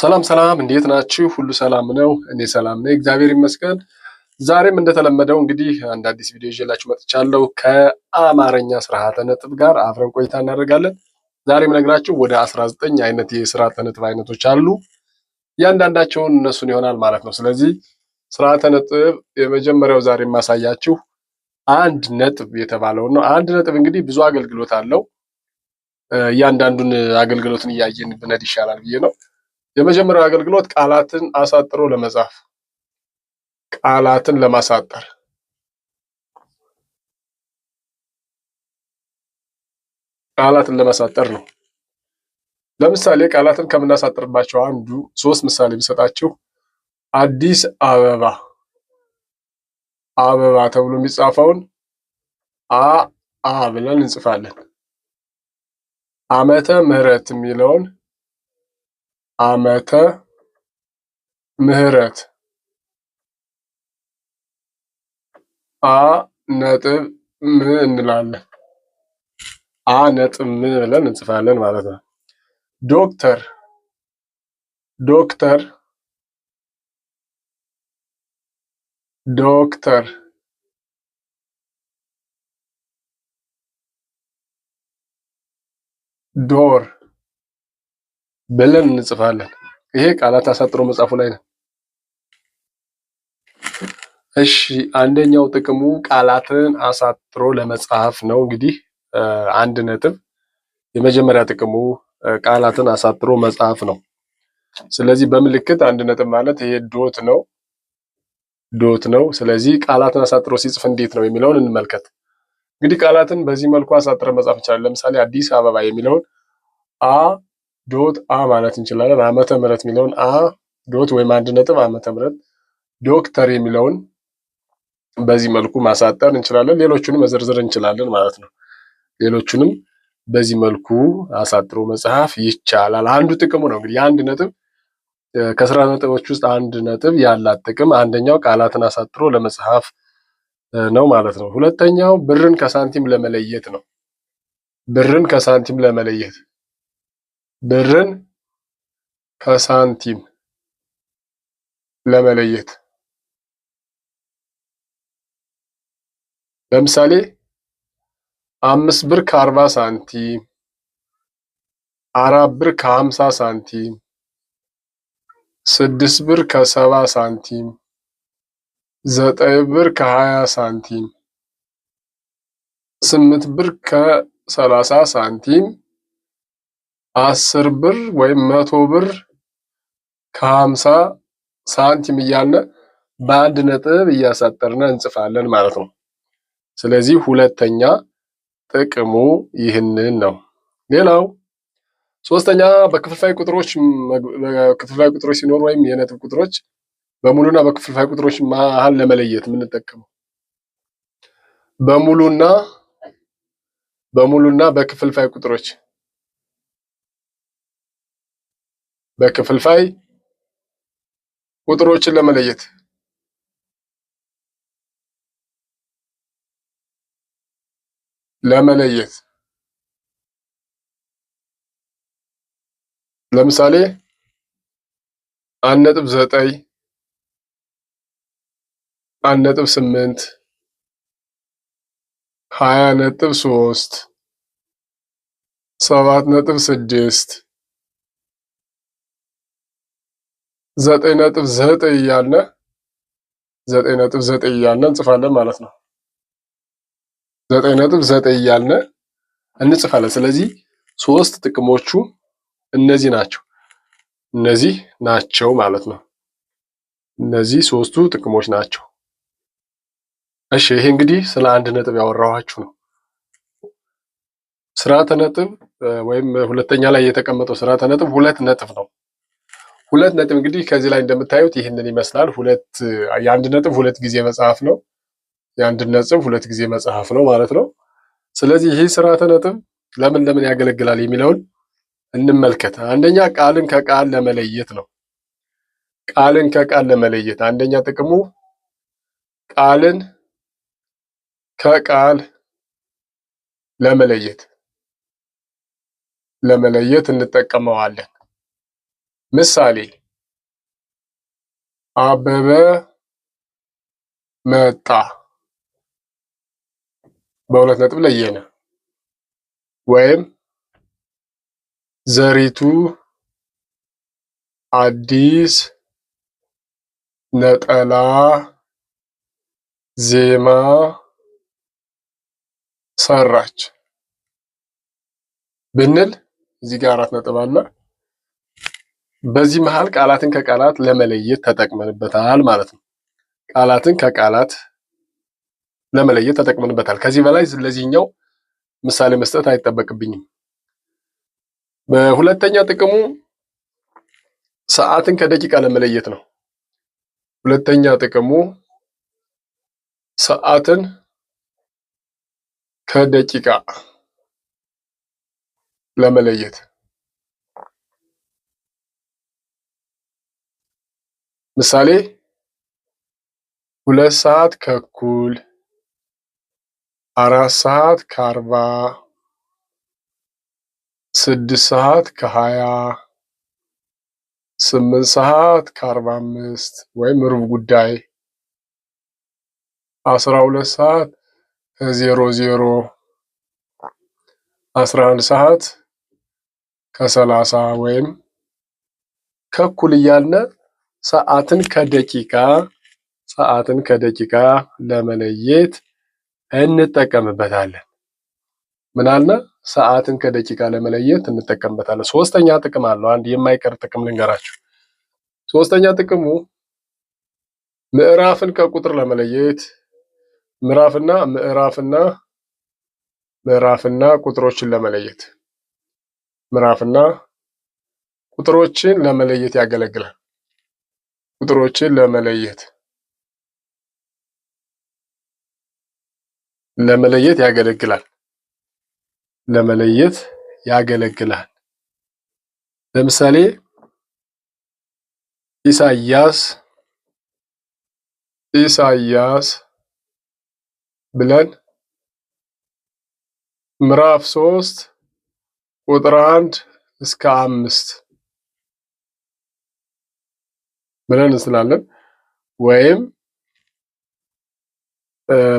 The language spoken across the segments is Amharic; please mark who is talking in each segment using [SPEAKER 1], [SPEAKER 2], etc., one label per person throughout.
[SPEAKER 1] ሰላም ሰላም፣ እንዴት ናችሁ? ሁሉ ሰላም ነው? እኔ ሰላም ነኝ፣ እግዚአብሔር ይመስገን። ዛሬም እንደተለመደው እንግዲህ አንድ አዲስ ቪዲዮ ይዤላችሁ መጥቻለሁ። ከአማርኛ ስርዓተ ነጥብ ጋር አብረን ቆይታ እናደርጋለን። ዛሬም ነግራችሁ ወደ 19 አይነት የስርዓተ ነጥብ አይነቶች አሉ። እያንዳንዳቸውን እነሱን ይሆናል ማለት ነው። ስለዚህ ስርዓተ ነጥብ የመጀመሪያው ዛሬ የማሳያችሁ አንድ ነጥብ የተባለውን ነው። አንድ ነጥብ እንግዲህ ብዙ አገልግሎት አለው። እያንዳንዱን አገልግሎትን እያየን ብነድ ይሻላል ብዬ ነው የመጀመሪያው አገልግሎት ቃላትን አሳጥሮ ለመጻፍ፣ ቃላትን ለማሳጠር ቃላትን ለማሳጠር ነው። ለምሳሌ ቃላትን ከምናሳጥርባቸው አንዱ ሶስት ምሳሌ ቢሰጣችሁ አዲስ አበባ አበባ ተብሎ የሚጻፈውን አ አ ብለን እንጽፋለን። ዓመተ ምሕረት የሚለውን ዓመተ ምህረት አ ነጥብ ም እንላለን። አ ነጥብ ም ብለን እንጽፋለን ማለት ነው። ዶክተር ዶክተር ዶክተር ዶር ብለን እንጽፋለን። ይሄ ቃላት አሳጥሮ መጻፉ ላይ ነው። እሺ አንደኛው ጥቅሙ ቃላትን አሳጥሮ ለመጻፍ ነው። እንግዲህ አንድ ነጥብ የመጀመሪያ ጥቅሙ ቃላትን አሳጥሮ መጻፍ ነው። ስለዚህ በምልክት አንድ ነጥብ ማለት ይሄ ዶት ነው ዶት ነው። ስለዚህ ቃላትን አሳጥሮ ሲጽፍ እንዴት ነው የሚለውን እንመልከት። እንግዲህ ቃላትን በዚህ መልኩ አሳጥረን መጻፍ እንችላለን። ለምሳሌ አዲስ አበባ የሚለውን አ ዶት አ ማለት እንችላለን። ዓመተ ምሕረት የሚለውን አ ዶት ወይም አንድ ነጥብ ዓመተ ምሕረት ዶክተር የሚለውን በዚህ መልኩ ማሳጠር እንችላለን። ሌሎቹንም መዘርዘር እንችላለን ማለት ነው። ሌሎቹንም በዚህ መልኩ አሳጥሮ መጽሐፍ ይቻላል። አንዱ ጥቅሙ ነው እንግዲህ የአንድ ነጥብ ከስራ ነጥቦች ውስጥ አንድ ነጥብ ያላት ጥቅም አንደኛው ቃላትን አሳጥሮ ለመጽሐፍ ነው ማለት ነው። ሁለተኛው ብርን ከሳንቲም ለመለየት ነው። ብርን ከሳንቲም ለመለየት ብርን ከሳንቲም ለመለየት ለምሳሌ አምስት ብር ከአርባ ሳንቲም፣ አራት ብር ከሀምሳ ሳንቲም፣ ስድስት ብር ከሰባ ሳንቲም፣ ዘጠኝ ብር ከሀያ ሳንቲም፣ ስምንት ብር ከሰላሳ ሳንቲም አስር ብር ወይም መቶ ብር ከሀምሳ ሳንቲም እያልን በአንድ ነጥብ እያሳጠርን እንጽፋለን ማለት ነው። ስለዚህ ሁለተኛ ጥቅሙ ይህንን ነው። ሌላው ሶስተኛ በክፍልፋይ ቁጥሮች ክፍልፋይ ቁጥሮች ሲኖሩ ወይም የነጥብ ቁጥሮች በሙሉና በክፍልፋይ ቁጥሮች መሀል ለመለየት የምንጠቀመው በሙሉና በሙሉና በክፍልፋይ ቁጥሮች በክፍልፋይ ቁጥሮችን ለመለየት ለመለየት ለምሳሌ አንድ ነጥብ ዘጠኝ አንድ ነጥብ ስምንት ሀያ ነጥብ ሶስት ሰባት ነጥብ ስድስት ዘጠኝ ነጥብ ዘጠኝ እያልነ ዘጠኝ ነጥብ ዘጠኝ እያልነ እንጽፋለን ማለት ነው። ዘጠኝ ነጥብ ዘጠኝ እያልነ እንጽፋለን። ስለዚህ ሶስት ጥቅሞቹ እነዚህ ናቸው። እነዚህ ናቸው ማለት ነው። እነዚህ ሶስቱ ጥቅሞች ናቸው። እሺ ይሄ እንግዲህ ስለ አንድ ነጥብ ያወራኋችሁ ነው። ስርዓተ ነጥብ ወይም ሁለተኛ ላይ የተቀመጠው ስርዓተ ነጥብ ሁለት ነጥብ ነው። ሁለት ነጥብ እንግዲህ ከዚህ ላይ እንደምታዩት ይህንን ይመስላል። ሁለት የአንድ ነጥብ ሁለት ጊዜ መጽሐፍ ነው። የአንድ ነጥብ ሁለት ጊዜ መጽሐፍ ነው ማለት ነው። ስለዚህ ይህ ስርዓተ ነጥብ ለምን ለምን ያገለግላል የሚለውን እንመልከት። አንደኛ ቃልን ከቃል ለመለየት ነው። ቃልን ከቃል ለመለየት አንደኛ ጥቅሙ ቃልን ከቃል ለመለየት ለመለየት እንጠቀመዋለን። ምሳሌ አበበ መጣ። በሁለት ነጥብ ለየነ። ወይም ዘሪቱ አዲስ ነጠላ ዜማ ሰራች ብንል እዚህ ጋር አራት ነጥብ አለ። በዚህ መሃል ቃላትን ከቃላት ለመለየት ተጠቅመንበታል ማለት ነው። ቃላትን ከቃላት ለመለየት ተጠቅመንበታል። ከዚህ በላይ ለዚህኛው ምሳሌ መስጠት አይጠበቅብኝም። በሁለተኛ ጥቅሙ ሰዓትን ከደቂቃ ለመለየት ነው። ሁለተኛ ጥቅሙ ሰዓትን ከደቂቃ ለመለየት ምሳሌ ሁለት ሰዓት ከኩል፣ አራት ሰዓት ከአርባ፣ ስድስት ሰዓት ከሀያ፣ ስምንት ሰዓት ከአርባ አምስት ወይም ሩብ ጉዳይ፣ አስራ ሁለት ሰዓት ከዜሮ ዜሮ፣ አስራ አንድ ሰዓት ከሰላሳ ወይም ከኩል እያልነ ሰዓትን ከደቂቃ ሰዓትን ከደቂቃ ለመለየት እንጠቀምበታለን። ምናልና ሰዓትን ከደቂቃ ለመለየት እንጠቀምበታለን። ሶስተኛ ጥቅም አለው። አንድ የማይቀር ጥቅም ልንገራችሁ። ሶስተኛ ጥቅሙ ምዕራፍን ከቁጥር ለመለየት ምዕራፍና ምዕራፍና ምዕራፍና ቁጥሮችን ለመለየት ምዕራፍና ቁጥሮችን ለመለየት ያገለግላል። ቁጥሮችን ለመለየት ለመለየት ያገለግላል። ለመለየት ያገለግላል። ለምሳሌ ኢሳያስ ኢሳያስ ብለን ምዕራፍ ሶስት ቁጥር አንድ እስከ አምስት ብለን እንስላለን። ወይም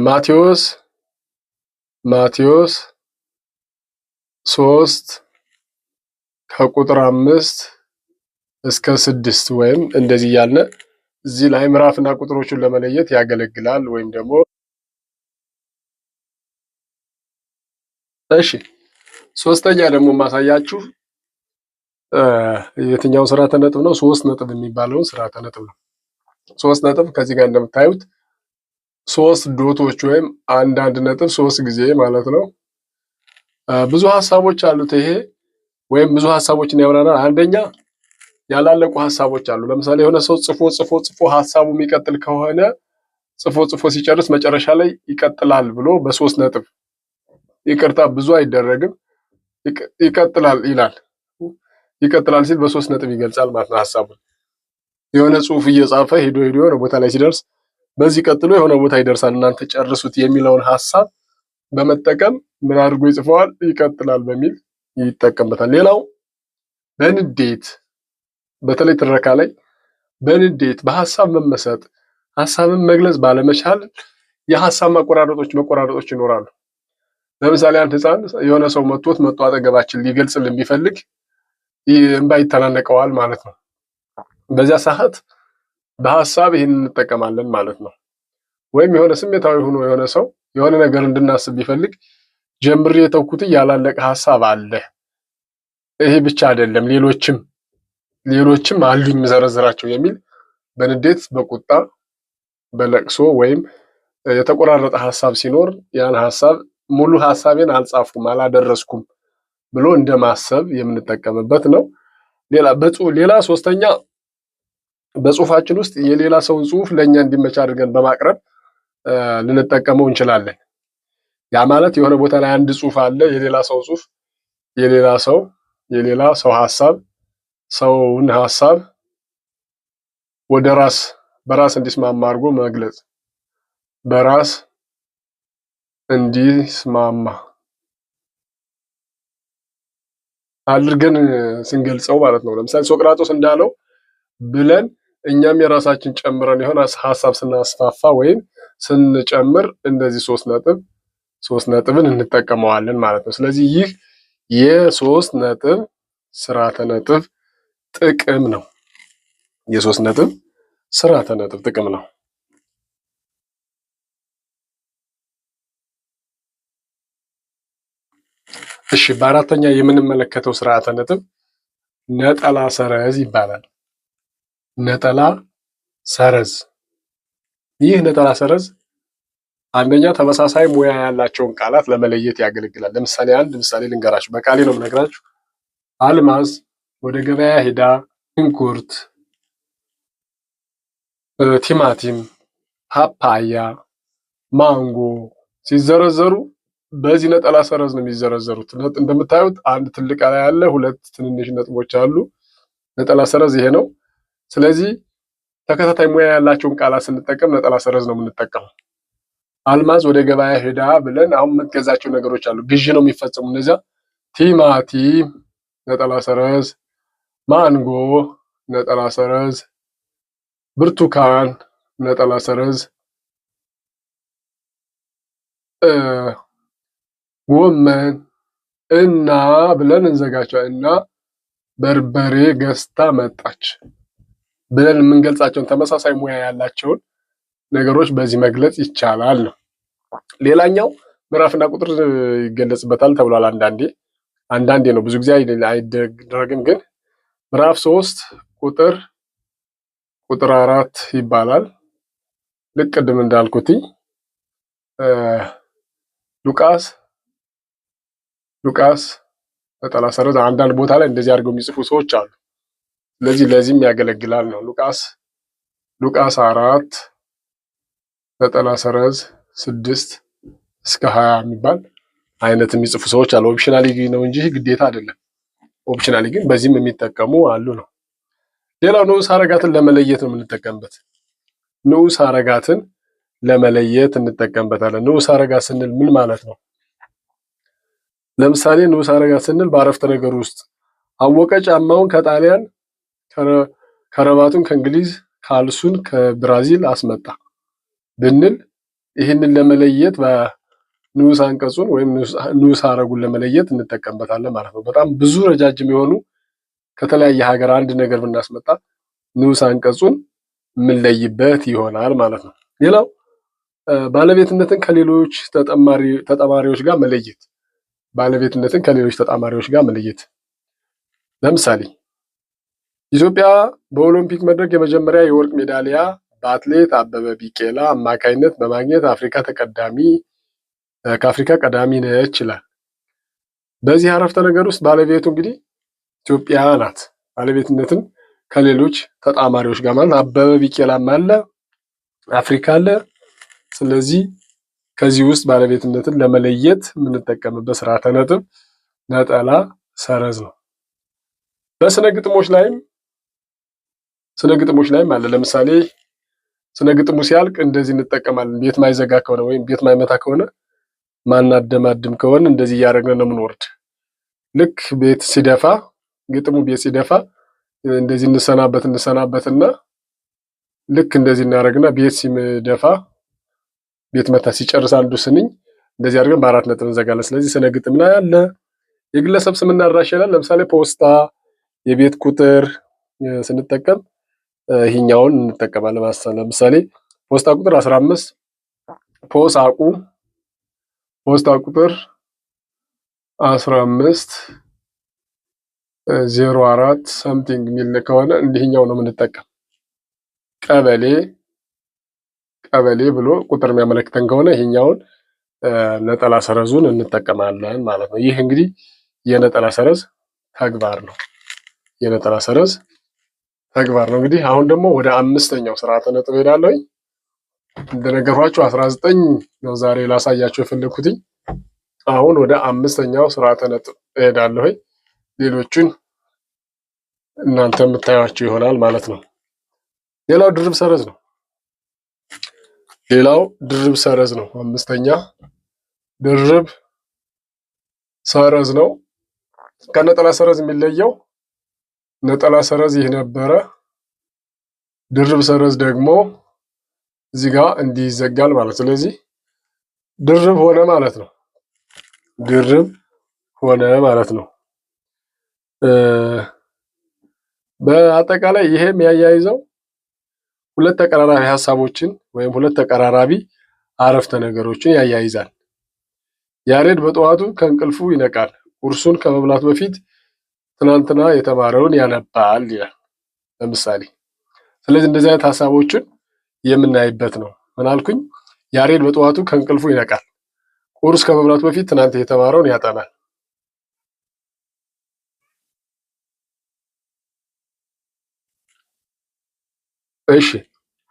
[SPEAKER 1] ማቴዎስ ማቴዎስ ሶስት ከቁጥር አምስት እስከ ስድስት ወይም እንደዚህ ያልነ እዚህ ላይ ምዕራፍና ቁጥሮቹን ለመለየት ያገለግላል። ወይም ደግሞ እሺ ሶስተኛ ደግሞ ማሳያችሁ የትኛው ስርዓተ ነጥብ ነው? ሶስት ነጥብ የሚባለውን ስርዓተ ነጥብ ነው። ሶስት ነጥብ ከዚህ ጋር እንደምታዩት ሶስት ዶቶች ወይም አንዳንድ ነጥብ ሶስት ጊዜ ማለት ነው። ብዙ ሀሳቦች አሉት ይሄ ወይም ብዙ ሀሳቦችን ያብራራል። አንደኛ ያላለቁ ሀሳቦች አሉ። ለምሳሌ የሆነ ሰው ጽፎ ጽፎ ጽፎ ሀሳቡ የሚቀጥል ከሆነ ጽፎ ጽፎ ሲጨርስ መጨረሻ ላይ ይቀጥላል ብሎ በሶስት ነጥብ ይቅርታ ብዙ አይደረግም ይቀጥላል ይላል። ይቀጥላል ሲል በሶስት ነጥብ ይገልጻል ማለት ነው ሀሳቡን። የሆነ ጽሁፍ እየጻፈ ሄዶ ሄዶ የሆነ ቦታ ላይ ሲደርስ በዚህ ቀጥሎ የሆነ ቦታ ይደርሳል እናንተ ጨርሱት የሚለውን ሀሳብ በመጠቀም ምን አድርጎ ይጽፈዋል? ይቀጥላል በሚል ይጠቀምበታል። ሌላው በንዴት በተለይ ትረካ ላይ በንዴት በሀሳብ መመሰጥ፣ ሀሳብን መግለጽ ባለመቻል የሀሳብ መቆራረጦች መቆራረጦች ይኖራሉ። ለምሳሌ አንድ ህፃን የሆነ ሰው መጥቶት መጥቶ አጠገባችን ሊገልጽልን ቢፈልግ እንባ ይተናነቀዋል ማለት ነው። በዚያ ሰዓት በሀሳብ ይህን እንጠቀማለን ማለት ነው። ወይም የሆነ ስሜታዊ ሆኖ የሆነ ሰው የሆነ ነገር እንድናስብ ቢፈልግ ጀምሬ የተውኩት ያላለቀ ሀሳብ አለ። ይሄ ብቻ አይደለም፣ ሌሎችም ሌሎችም አሉ ዘረዝራቸው የሚል በንዴት በቁጣ በለቅሶ ወይም የተቆራረጠ ሀሳብ ሲኖር ያን ሀሳብ ሙሉ ሀሳቤን አልጻፍኩም፣ አላደረስኩም ብሎ እንደማሰብ የምንጠቀምበት ነው። ሌላ ሌላ ሶስተኛ በጽሁፋችን ውስጥ የሌላ ሰውን ጽሁፍ ለእኛ እንዲመች አድርገን በማቅረብ ልንጠቀመው እንችላለን። ያ ማለት የሆነ ቦታ ላይ አንድ ጽሁፍ አለ። የሌላ ሰው ጽሁፍ የሌላ ሰው የሌላ ሰው ሀሳብ ሰውን ሀሳብ ወደ ራስ በራስ እንዲስማማ አድርጎ መግለጽ በራስ እንዲስማማ አድርገን ስንገልጸው ማለት ነው። ለምሳሌ ሶቅራጦስ እንዳለው ብለን እኛም የራሳችን ጨምረን የሆነ ሀሳብ ስናስፋፋ ወይም ስንጨምር እንደዚህ ሶስት ነጥብ ሶስት ነጥብን እንጠቀመዋለን ማለት ነው። ስለዚህ ይህ የሶስት ነጥብ ስርዓተ ነጥብ ጥቅም ነው። የሶስት ነጥብ ስርዓተ ነጥብ ጥቅም ነው። እሺ በአራተኛ የምንመለከተው ስርዓተ ነጥብ ነጠላ ሰረዝ ይባላል። ነጠላ ሰረዝ። ይህ ነጠላ ሰረዝ አንደኛ ተመሳሳይ ሙያ ያላቸውን ቃላት ለመለየት ያገለግላል። ለምሳሌ አንድ ምሳሌ ልንገራችሁ፣ በቃሌ ነው የምነግራችሁ። አልማዝ ወደ ገበያ ሄዳ ሽንኩርት፣ ቲማቲም፣ ፓፓያ፣ ማንጎ ሲዘረዘሩ በዚህ ነጠላ ሰረዝ ነው የሚዘረዘሩት። እንደምታዩት አንድ ትልቅ ላይ ያለ ሁለት ትንንሽ ነጥቦች አሉ። ነጠላ ሰረዝ ይሄ ነው። ስለዚህ ተከታታይ ሙያ ያላቸውን ቃላት ስንጠቀም ነጠላ ሰረዝ ነው የምንጠቀመው። አልማዝ ወደ ገበያ ሄዳ ብለን አሁን የምትገዛቸው ነገሮች አሉ፣ ግዢ ነው የሚፈጸሙ እነዚያ። ቲማቲም ነጠላ ሰረዝ፣ ማንጎ ነጠላ ሰረዝ፣ ብርቱካን ነጠላ ሰረዝ ጎመን እና ብለን እንዘጋቸው እና በርበሬ ገዝታ መጣች ብለን የምንገልጻቸውን ተመሳሳይ ሙያ ያላቸውን ነገሮች በዚህ መግለጽ ይቻላል። ሌላኛው ምዕራፍና ቁጥር ይገለጽበታል ተብሏል። አንዳንዴ አንዳንዴ ነው፣ ብዙ ጊዜ አይደረግም። ግን ምዕራፍ ሶስት ቁጥር ቁጥር አራት ይባላል። ልክ ቅድም እንዳልኩትኝ ሉቃስ ሉቃስ ነጠላ ሰረዝ አንዳንድ ቦታ ላይ እንደዚህ አድርገው የሚጽፉ ሰዎች አሉ። ስለዚህ ለዚህም ያገለግላል ነው ሉቃስ ሉቃስ አራት ነጠላ ሰረዝ ስድስት እስከ ሀያ የሚባል አይነት የሚጽፉ ሰዎች አሉ። ኦፕሽናሊ ነው እንጂ ግዴታ አይደለም። ኦፕሽናሊ ግን በዚህም የሚጠቀሙ አሉ ነው። ሌላው ንዑስ አረጋትን ለመለየት ነው የምንጠቀምበት። ንዑስ አረጋትን ለመለየት እንጠቀምበታለን። ንዑስ አረጋት ስንል ምን ማለት ነው? ለምሳሌ ንዑስ አረጋ ስንል በአረፍተ ነገር ውስጥ አወቀ ጫማውን ከጣሊያን ከረባቱን ከእንግሊዝ ካልሱን ከብራዚል አስመጣ ብንል ይህንን ለመለየት በንዑስ አንቀጹን ወይም ንዑስ አረጉን ለመለየት እንጠቀምበታለን ማለት ነው። በጣም ብዙ ረጃጅም የሆኑ ከተለያየ ሀገር አንድ ነገር ብናስመጣ ንዑስ አንቀጹን የምንለይበት ይሆናል ማለት ነው። ሌላው ባለቤትነትን ከሌሎች ተጠማሪዎች ጋር መለየት ባለቤትነትን ከሌሎች ተጣማሪዎች ጋር መለየት። ለምሳሌ ኢትዮጵያ በኦሎምፒክ መድረክ የመጀመሪያ የወርቅ ሜዳሊያ በአትሌት አበበ ቢቄላ አማካይነት በማግኘት አፍሪካ ተቀዳሚ ከአፍሪካ ቀዳሚ ነች ይላል። በዚህ አረፍተ ነገር ውስጥ ባለቤቱ እንግዲህ ኢትዮጵያ ናት። ባለቤትነትን ከሌሎች ተጣማሪዎች ጋር ማለት አበበ ቢቄላም አለ፣ አፍሪካ አለ። ስለዚህ ከዚህ ውስጥ ባለቤትነትን ለመለየት የምንጠቀምበት ስርዓተ ነጥብ ነጠላ ሰረዝ ነው። በስነ ግጥሞች ላይም ስነ ግጥሞች ላይም አለ። ለምሳሌ ስነ ግጥሙ ሲያልቅ እንደዚህ እንጠቀማለን። ቤት ማይዘጋ ከሆነ ወይም ቤት ማይመታ ከሆነ ማናደማድም ከሆነ እንደዚህ እያደረግን ነው የምንወርድ። ልክ ቤት ሲደፋ ግጥሙ ቤት ሲደፋ እንደዚህ እንሰናበት እንሰናበትና ልክ እንደዚህ እናደርግና ቤት ሲደፋ ቤት መታ ሲጨርስ አንዱ ስንኝ እንደዚህ አድርገን በአራት ነጥብ እንዘጋለን። ስለዚህ ስነ ግጥም ላይ አለ የግለሰብ ስምና አድራሻ ይላል። ለምሳሌ ፖስታ፣ የቤት ቁጥር ስንጠቀም ይህኛውን እንጠቀማለን ማለት ነው። ለምሳሌ ፖስታ ቁጥር 15 አቁ ፖስታ ቁጥር 15 04 ሳምቲንግ የሚል ከሆነ እንዲህኛው ነው የምንጠቀም ቀበሌ ቀበሌ ብሎ ቁጥር የሚያመለክተን ከሆነ ይሄኛውን ነጠላ ሰረዙን እንጠቀማለን ማለት ነው። ይህ እንግዲህ የነጠላ ሰረዝ ተግባር ነው። የነጠላ ሰረዝ ተግባር ነው። እንግዲህ አሁን ደግሞ ወደ አምስተኛው ስርዓተ ነጥብ ሄዳለሁ። እንደነገሯችሁ አስራ ዘጠኝ ነው ዛሬ ላሳያችሁ የፈለግኩትኝ። አሁን ወደ አምስተኛው ስርዓተ ነጥብ ሄዳለሁ። ሌሎቹን እናንተ የምታዩቸው ይሆናል ማለት ነው። ሌላው ድርብ ሰረዝ ነው። ሌላው ድርብ ሰረዝ ነው። አምስተኛ ድርብ ሰረዝ ነው። ከነጠላ ሰረዝ የሚለየው ነጠላ ሰረዝ ይህ ነበረ። ድርብ ሰረዝ ደግሞ እዚህ ጋር እንዲህ ይዘጋል ማለት ስለዚህ ድርብ ሆነ ማለት ነው። ድርብ ሆነ ማለት ነው። በአጠቃላይ ይሄ የሚያያይዘው ሁለት ተቀራራቢ ሀሳቦችን ወይም ሁለት ተቀራራቢ አረፍተ ነገሮችን ያያይዛል። ያሬድ በጠዋቱ ከእንቅልፉ ይነቃል። ቁርሱን ከመብላት በፊት ትናንትና የተማረውን ያነባል ይላል። ለምሳሌ ስለዚህ እንደዚህ አይነት ሀሳቦችን የምናይበት ነው። ምናልኩኝ ያሬድ በጠዋቱ ከእንቅልፉ ይነቃል። ቁርስ ከመብላቱ በፊት ትናንት የተማረውን ያጠናል። እሺ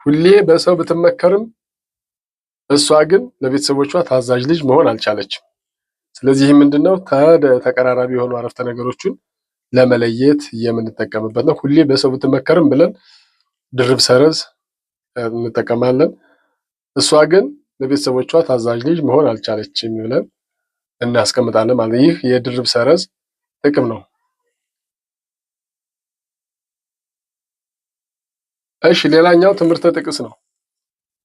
[SPEAKER 1] ሁሌ በሰው ብትመከርም እሷ ግን ለቤተሰቦቿ ታዛዥ ልጅ መሆን አልቻለችም። ስለዚህ ምንድነው ተቀራራቢ የሆኑ አረፍተ ነገሮችን ለመለየት የምንጠቀምበት ነው። ሁሌ በሰው ብትመከርም ብለን ድርብ ሰረዝ እንጠቀማለን። እሷ ግን ለቤተሰቦቿ ታዛዥ ልጅ መሆን አልቻለችም ብለን እናስቀምጣለን ማለት። ይህ የድርብ ሰረዝ ጥቅም ነው። እሺ ሌላኛው ትምህርተ ጥቅስ ነው።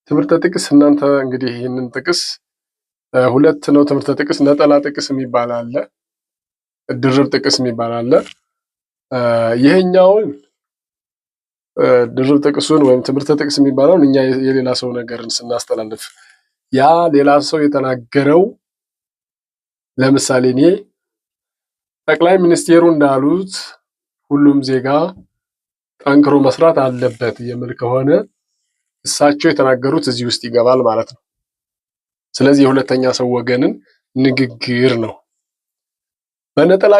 [SPEAKER 1] ትምህርተ ጥቅስ እናንተ እንግዲህ ይህንን ጥቅስ ሁለት ነው። ትምህርተ ጥቅስ ነጠላ ጥቅስ የሚባል አለ፣ ድርብ ጥቅስ የሚባል አለ። ይሄኛውን ድርብ ጥቅሱን ወይም ትምህርተ ጥቅስ የሚባለውን እኛ የሌላ ሰው ነገርን ስናስተላልፍ ያ ሌላ ሰው የተናገረው ለምሳሌ እኔ ጠቅላይ ሚኒስቴሩ እንዳሉት ሁሉም ዜጋ ጠንክሮ መስራት አለበት የሚል ከሆነ እሳቸው የተናገሩት እዚህ ውስጥ ይገባል ማለት ነው። ስለዚህ የሁለተኛ ሰው ወገንን ንግግር ነው። በነጠላ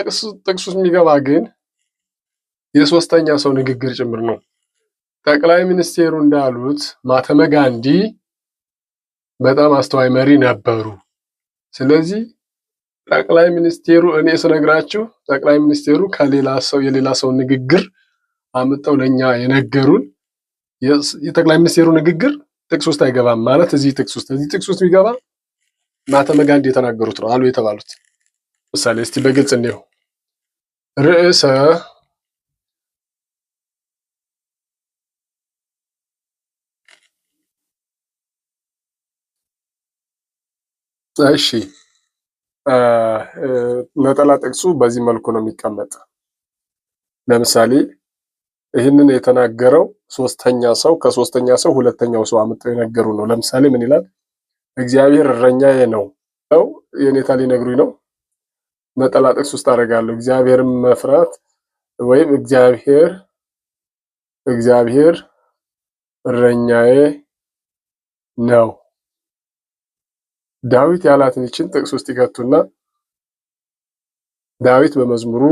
[SPEAKER 1] ጥቅሱ የሚገባ ግን የሶስተኛ ሰው ንግግር ጭምር ነው። ጠቅላይ ሚኒስቴሩ እንዳሉት ማህተመ ጋንዲ በጣም አስተዋይ መሪ ነበሩ። ስለዚህ ጠቅላይ ሚኒስቴሩ እኔ ስነግራችሁ ጠቅላይ ሚኒስቴሩ ከሌላ ሰው የሌላ ሰው ንግግር አምጠው ለእኛ የነገሩን የጠቅላይ ሚኒስትሩ ንግግር ጥቅስ ውስጥ አይገባም ማለት እዚህ ጥቅስ ውስጥ እዚህ ጥቅስ ውስጥ ቢገባ ማኅተመ ጋንዲ የተናገሩት ነው አሉ የተባሉት። ምሳሌ እስቲ በግልጽ እንዲሁ ርዕሰ እሺ ነጠላ ጥቅሱ በዚህ መልኩ ነው የሚቀመጥ። ለምሳሌ ይህንን የተናገረው ሶስተኛ ሰው ከሶስተኛ ሰው ሁለተኛው ሰው አምጠው የነገሩ ነው። ለምሳሌ ምን ይላል? እግዚአብሔር እረኛዬ ነው ነው የኔታ ሊነግሩኝ ነው። ነጠላ ጥቅስ ውስጥ አደርጋለሁ። እግዚአብሔርን መፍራት ወይም እግዚአብሔር እግዚአብሔር እረኛዬ ነው። ዳዊት ያላትን ይችን ጥቅስ ውስጥ ይከቱና ዳዊት በመዝሙሩ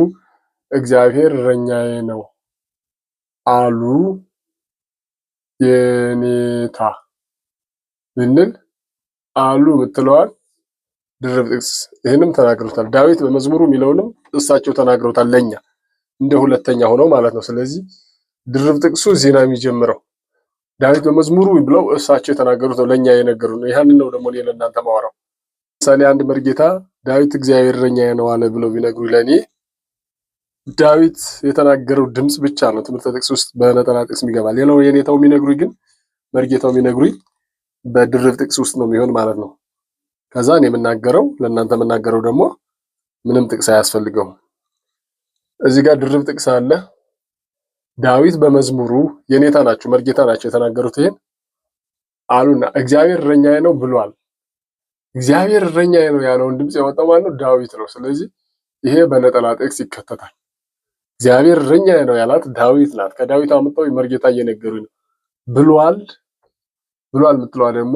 [SPEAKER 1] እግዚአብሔር እረኛዬ ነው አሉ የኔታ ብንል አሉ ምትለዋል ድርብ ጥቅስ ይህንም ተናግሮታል። ዳዊት በመዝሙሩ የሚለውንም እሳቸው ተናግሮታል። ለኛ እንደ ሁለተኛ ሆነው ማለት ነው። ስለዚህ ድርብ ጥቅሱ ዜና የሚጀምረው ዳዊት በመዝሙሩ ብለው እሳቸው የተናገሩት ነው፣ ለእኛ የነገሩ ነው። ይህንን ነው ደግሞ ለእናንተ ማወራው። ምሳሌ አንድ መርጌታ ዳዊት እግዚአብሔር እረኛዬ ነው አለ ብለው ቢነግሩ ለእኔ ዳዊት የተናገረው ድምፅ ብቻ ነው ትምህርተ ጥቅስ ውስጥ በነጠላ ጥቅስ የሚገባ። ሌላው የኔታው የሚነግሩኝ ግን መርጌታው የሚነግሩኝ በድርብ ጥቅስ ውስጥ ነው የሚሆን ማለት ነው። ከዛ እኔ የምናገረው ለእናንተ የምናገረው ደግሞ ምንም ጥቅስ አያስፈልገውም። እዚህ ጋር ድርብ ጥቅስ አለ። ዳዊት በመዝሙሩ የኔታ ናቸው መርጌታ ናቸው የተናገሩት ይሄን አሉና እግዚአብሔር እረኛዬ ነው ብሏል። እግዚአብሔር እረኛዬ ነው ያለውን ድምፅ ያወጣው ማለት ነው ዳዊት ነው። ስለዚህ ይሄ በነጠላ ጥቅስ ይከተታል። እግዚአብሔር እረኛዬ ነው ያላት ዳዊት ናት። ከዳዊት አምጥተው መርጌታ እየነገሩ ነው ብሏል። ብሏል የምትለዋ ደግሞ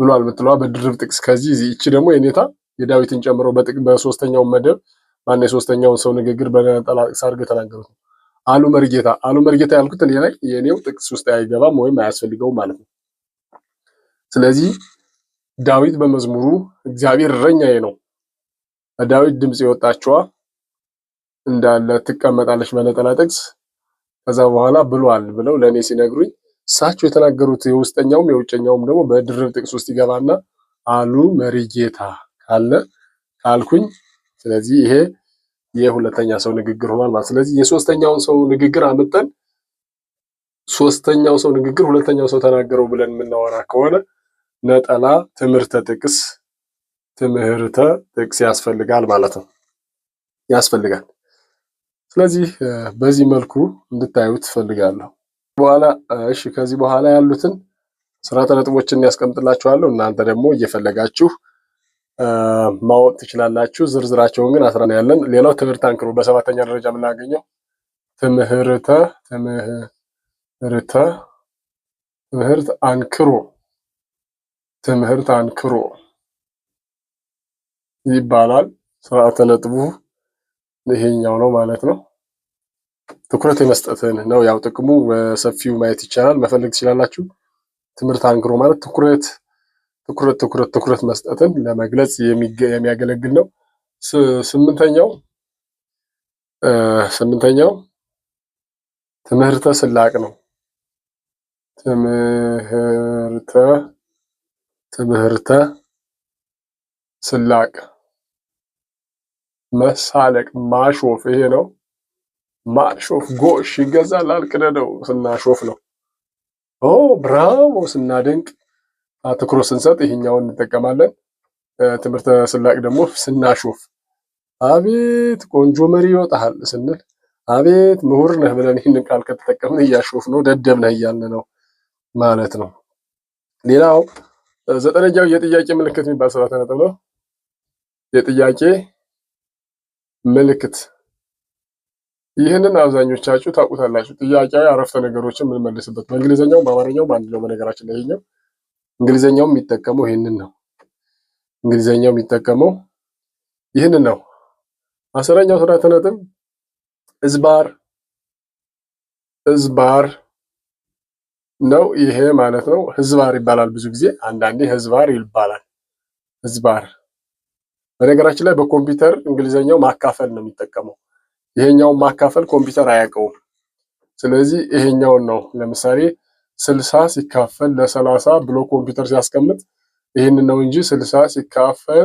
[SPEAKER 1] ብሏል የምትለዋ በድርብ ጥቅስ ከዚህ ይቺ ደግሞ የኔታ የዳዊትን ጨምሮ በሶስተኛው መደብ ማነ የሶስተኛውን ሰው ንግግር በነጠላ ጥቅስ አድርገው የተናገሩት ነው። አሉ መርጌታ አሉ መርጌታ ያልኩት እኔ ላይ የኔው ጥቅስ ውስጥ አይገባም ወይም አያስፈልገውም ማለት ነው። ስለዚህ ዳዊት በመዝሙሩ እግዚአብሔር እረኛዬ ነው በዳዊት ድምፅ የወጣችዋ እንዳለ ትቀመጣለች በነጠላ ጥቅስ። ከዛ በኋላ ብሏል ብለው ለእኔ ሲነግሩኝ እሳቸው የተናገሩት የውስጠኛውም የውጨኛውም ደግሞ በድርብ ጥቅስ ውስጥ ይገባና አሉ መሪ ጌታ ካለ ካልኩኝ፣ ስለዚህ ይሄ የሁለተኛ ሰው ንግግር ሆኗል ማለት። ስለዚህ የሶስተኛውን ሰው ንግግር አምጠን ሶስተኛው ሰው ንግግር ሁለተኛው ሰው ተናገረው ብለን የምናወራ ከሆነ ነጠላ ትምህርተ ጥቅስ ትምህርተ ጥቅስ ያስፈልጋል ማለት ነው ያስፈልጋል። ስለዚህ በዚህ መልኩ እንድታዩት ትፈልጋለሁ። በኋላ እሺ፣ ከዚህ በኋላ ያሉትን ስርዓተ ነጥቦችን ያስቀምጥላችኋለሁ። እናንተ ደግሞ እየፈለጋችሁ ማወቅ ትችላላችሁ። ዝርዝራቸውን ግን አስራ ያለን። ሌላው ትምህርት አንክሮ በሰባተኛ ደረጃ የምናገኘው ትምህርተ ትምህርተ ትምህርት አንክሮ ትምህርት አንክሮ ይባላል። ስርዓተ ነጥቡ ይሄኛው ነው ማለት ነው። ትኩረት የመስጠትን ነው ያው ጥቅሙ በሰፊው ማየት ይቻላል፣ መፈለግ ትችላላችሁ። ትምህርት አንክሮ ማለት ትኩረት ትኩረት ትኩረት ትኩረት መስጠትን ለመግለጽ የሚያገለግል ነው። ስምንተኛው ስምንተኛው ትምህርተ ስላቅ ነው። ትምህርተ ትምህርተ ስላቅ መሳለቅ ማሾፍ፣ ይሄ ነው ማሾፍ። ጎሽ ይገዛል አልቅደደው ስናሾፍ ነው። ኦ ብራቮ ስናደንቅ ትኩሮ ስንሰጥ ይሄኛውን እንጠቀማለን። ትምህርተ ስላቅ ደግሞ ስናሾፍ፣ አቤት ቆንጆ መሪ ይወጣል ስንል፣ አቤት ምሁር ነህ ብለን ይህንን ቃል ከተጠቀምን እያሾፍ ነው ደደብ ነህ እያልን ነው ማለት ነው። ሌላው ዘጠነኛው የጥያቄ ምልክት የሚባል ስርዓተ ነጥብ ነው። የጥያቄ ምልክት ይህንን አብዛኞቻችሁ ታውቁታላችሁ። ጥያቄ አረፍተ ነገሮችን የምንመልስበት በእንግሊዝኛውም በአማርኛውም አንድ ነው። በነገራችን ላይ ይሄኛው እንግሊዝኛው የሚጠቀመው ይህንን ነው። እንግሊዝኛው የሚጠቀመው ይህንን ነው። አስረኛው ስርዓተ ነጥብ እዝባር እዝባር ነው። ይሄ ማለት ነው ህዝባር ይባላል። ብዙ ጊዜ አንዳንዴ ህዝባር ይባላል። ህዝባር በነገራችን ላይ በኮምፒውተር እንግሊዘኛው ማካፈል ነው የሚጠቀመው። ይሄኛውን ማካፈል ኮምፒውተር አያውቀውም። ስለዚህ ይሄኛውን ነው ለምሳሌ ስልሳ ሲካፈል ለሰላሳ ብሎ ኮምፒውተር ሲያስቀምጥ ይህንን ነው እንጂ ስልሳ ሲካፈል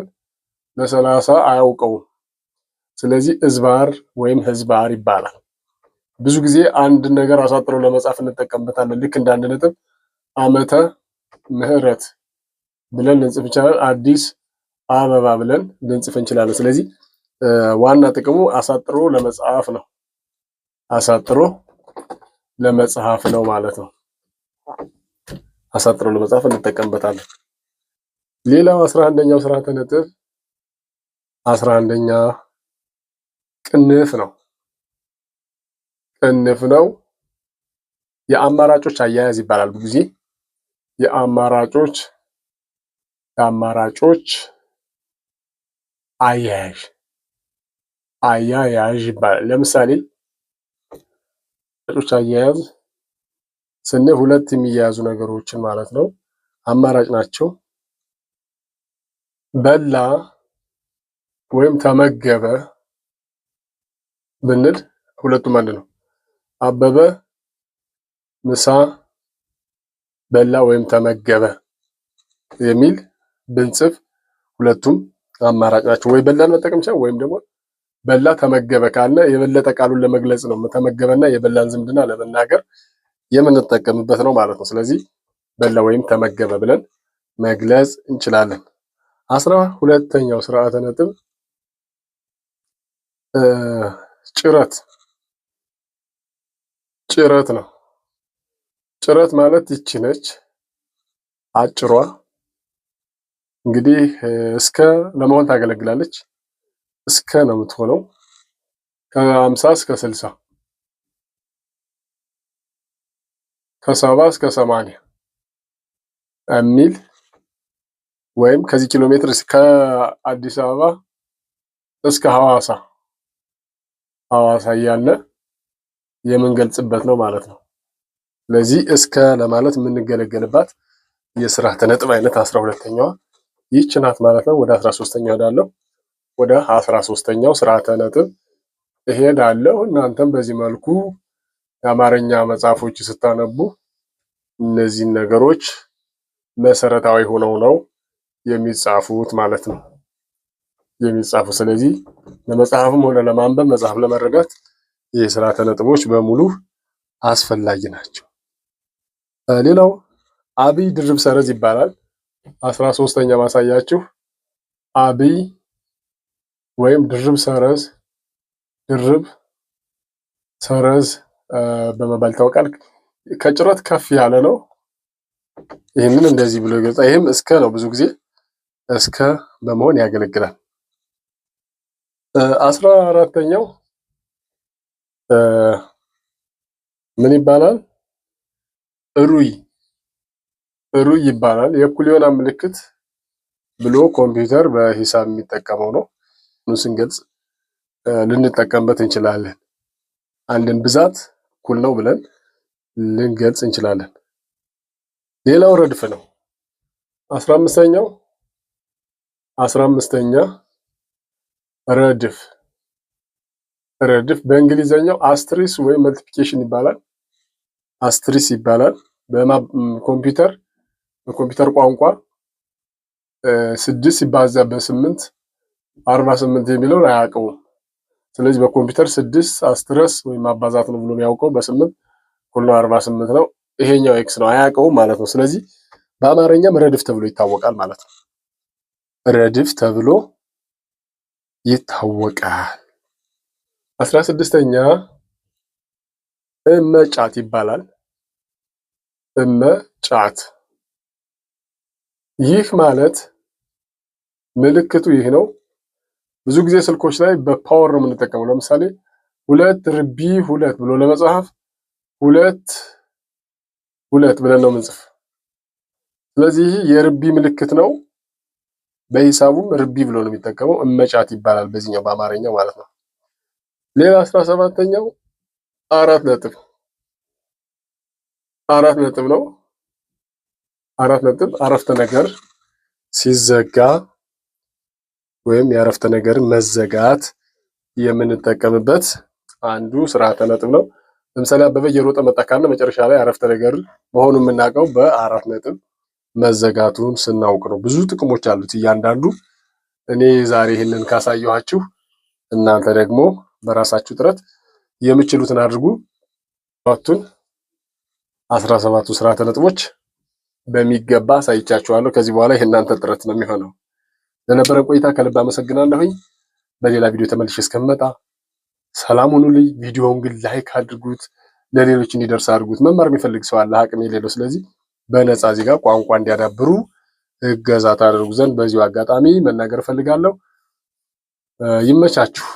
[SPEAKER 1] ለሰላሳ አያውቀውም። ስለዚህ እዝባር ወይም ህዝባር ይባላል። ብዙ ጊዜ አንድ ነገር አሳጥሮ ለመጻፍ እንጠቀምበታለን። ልክ እንደ አንድ ነጥብ አመተ ምህረት ብለን ልንጽፍ እንችላለን። አዲስ አበባ ብለን ልንጽፍ እንችላለን። ስለዚህ ዋና ጥቅሙ አሳጥሮ ለመጽሐፍ ነው። አሳጥሮ ለመጽሐፍ ነው ማለት ነው። አሳጥሮ ለመጽሐፍ እንጠቀምበታለን። ሌላው አስራ አንደኛው ስርዓተ ነጥብ አስራ አንደኛ ቅንፍ ነው። ቅንፍ ነው የአማራጮች አያያዝ ይባላል። ብዙ ጊዜ የአማራጮች የአማራጮች አያያዥ አያያዥ ይባላል። ለምሳሌ ጥጦች አያያዝ ስንል ሁለት የሚያያዙ ነገሮችን ማለት ነው። አማራጭ ናቸው። በላ ወይም ተመገበ ብንል ሁለቱም አንድ ነው። አበበ ምሳ በላ ወይም ተመገበ የሚል ብንጽፍ ሁለቱም አማራጭ ናቸው። ወይ በላን መጠቀም ይችላል፣ ወይም ደግሞ በላ ተመገበ ካለ የበለጠ ቃሉን ለመግለጽ ነው። ተመገበና የበላን ዝምድና ለመናገር የምንጠቀምበት ነው ማለት ነው። ስለዚህ በላ ወይም ተመገበ ብለን መግለጽ እንችላለን። አስራ ሁለተኛው ስርዓተ ነጥብ ጭረት ጭረት ነው። ጭረት ማለት ይቺ ነች አጭሯ እንግዲህ እስከ ለመሆን ታገለግላለች። እስከ ነው የምትሆነው ከአምሳ እስከ ስልሳ ከሰባ እስከ ሰማንያ የሚል ወይም ከዚህ ኪሎ ሜትር ከአዲስ አበባ እስከ ሐዋሳ ሐዋሳ እያለ የምንገልጽበት ነው ማለት ነው። ስለዚህ እስከ ለማለት የምንገለገልባት የስራ ተነጥብ አይነት አስራ ሁለተኛዋ ይህች ናት ማለት ነው። ወደ አስራ ሶስተኛው እሄዳለሁ። ወደ አስራ ሶስተኛው ስርዓተ ነጥብ እሄዳለሁ። እናንተም በዚህ መልኩ የአማርኛ መጽሐፎች ስታነቡ እነዚህን ነገሮች መሰረታዊ ሆነው ነው የሚጻፉት ማለት ነው የሚጻፉ ስለዚህ ለመጽሐፍም ሆነ ለማንበብ መጽሐፍ ለመረዳት የስርዓተ ነጥቦች በሙሉ አስፈላጊ ናቸው። ሌላው አብይ ድርብ ሰረዝ ይባላል። አስራ ሶስተኛ ማሳያችሁ አብይ ወይም ድርብ ሰረዝ ድርብ ሰረዝ በመባል ይታወቃል። ከጭረት ከፍ ያለ ነው። ይህንን እንደዚህ ብሎ ይገልጻል። ይህም እስከ ነው። ብዙ ጊዜ እስከ በመሆን ያገለግላል። አስራ አራተኛው ምን ይባላል? እሩይ ሩይ ይባላል። የኩሊዮና ምልክት ብሎ ኮምፒውተር በሂሳብ የሚጠቀመው ነው። ኑ ስንገልጽ ልንጠቀምበት እንችላለን። አንድን ብዛት እኩል ነው ብለን ልንገልጽ እንችላለን። ሌላው ረድፍ ነው። አስራ አምስተኛው አስራ አምስተኛ ረድፍ ረድፍ በእንግሊዘኛው አስትሪስ ወይም መልቲፕሊኬሽን ይባላል። አስትሪስ ይባላል። በኮምፒውተር በኮምፒውተር ቋንቋ ስድስት ሲባዛ በስምንት አርባ ስምንት የሚለውን አያውቀውም። ስለዚህ በኮምፒውተር ስድስት አስትረስ ወይም አባዛት ነው ብሎ የሚያውቀው በስምንት ሁሉ አርባ ስምንት ነው። ይሄኛው ኤክስ ነው አያውቀውም ማለት ነው። ስለዚህ በአማርኛም ረድፍ ተብሎ ይታወቃል ማለት ነው። ረድፍ ተብሎ ይታወቃል። አስራ ስድስተኛ እመጫት ይባላል። እመጫት ይህ ማለት ምልክቱ ይህ ነው። ብዙ ጊዜ ስልኮች ላይ በፓወር ነው የምንጠቀመው። ለምሳሌ ሁለት ርቢ ሁለት ብሎ ለመጽሐፍ ሁለት ሁለት ብለን ነው ምንጽፍ ስለዚህ ይህ የርቢ ምልክት ነው። በሂሳቡም ርቢ ብሎ ነው የሚጠቀመው። እመጫት ይባላል በዚህኛው በአማርኛው ማለት ነው። ሌላ አስራ ሰባተኛው አራት ነጥብ አራት ነጥብ ነው። አራት ነጥብ አረፍተ ነገር ሲዘጋ ወይም የአረፍተ ነገር መዘጋት የምንጠቀምበት አንዱ ስርዓተ ነጥብ ነው። ለምሳሌ አበበ እየሮጠ መጣ መጨረሻ ላይ አረፍተ ነገር መሆኑ የምናውቀው በአራት ነጥብ መዘጋቱን ስናውቅ ነው። ብዙ ጥቅሞች አሉት እያንዳንዱ። እኔ ዛሬ ይህንን ካሳየኋችሁ እናንተ ደግሞ በራሳችሁ ጥረት የምችሉትን አድርጉ። አስራ ሰባቱ ስርዓተ ነጥቦች በሚገባ አሳይቻችኋለሁ። ከዚህ በኋላ የእናንተ ጥረት ነው የሚሆነው። ለነበረ ቆይታ ከልብ አመሰግናለሁኝ። በሌላ ቪዲዮ ተመልሼ እስከምመጣ ሰላም ሁኑልኝ። ቪዲዮውን ግን ላይክ አድርጉት፣ ለሌሎች እንዲደርስ አድርጉት። መማር የሚፈልግ ሰው አለ፣ አቅም የሌለው ስለዚህ በነፃ እዚህ ጋር ቋንቋ እንዲያዳብሩ እገዛ ታደርጉ ዘንድ በዚሁ አጋጣሚ መናገር እፈልጋለሁ። ይመቻችሁ።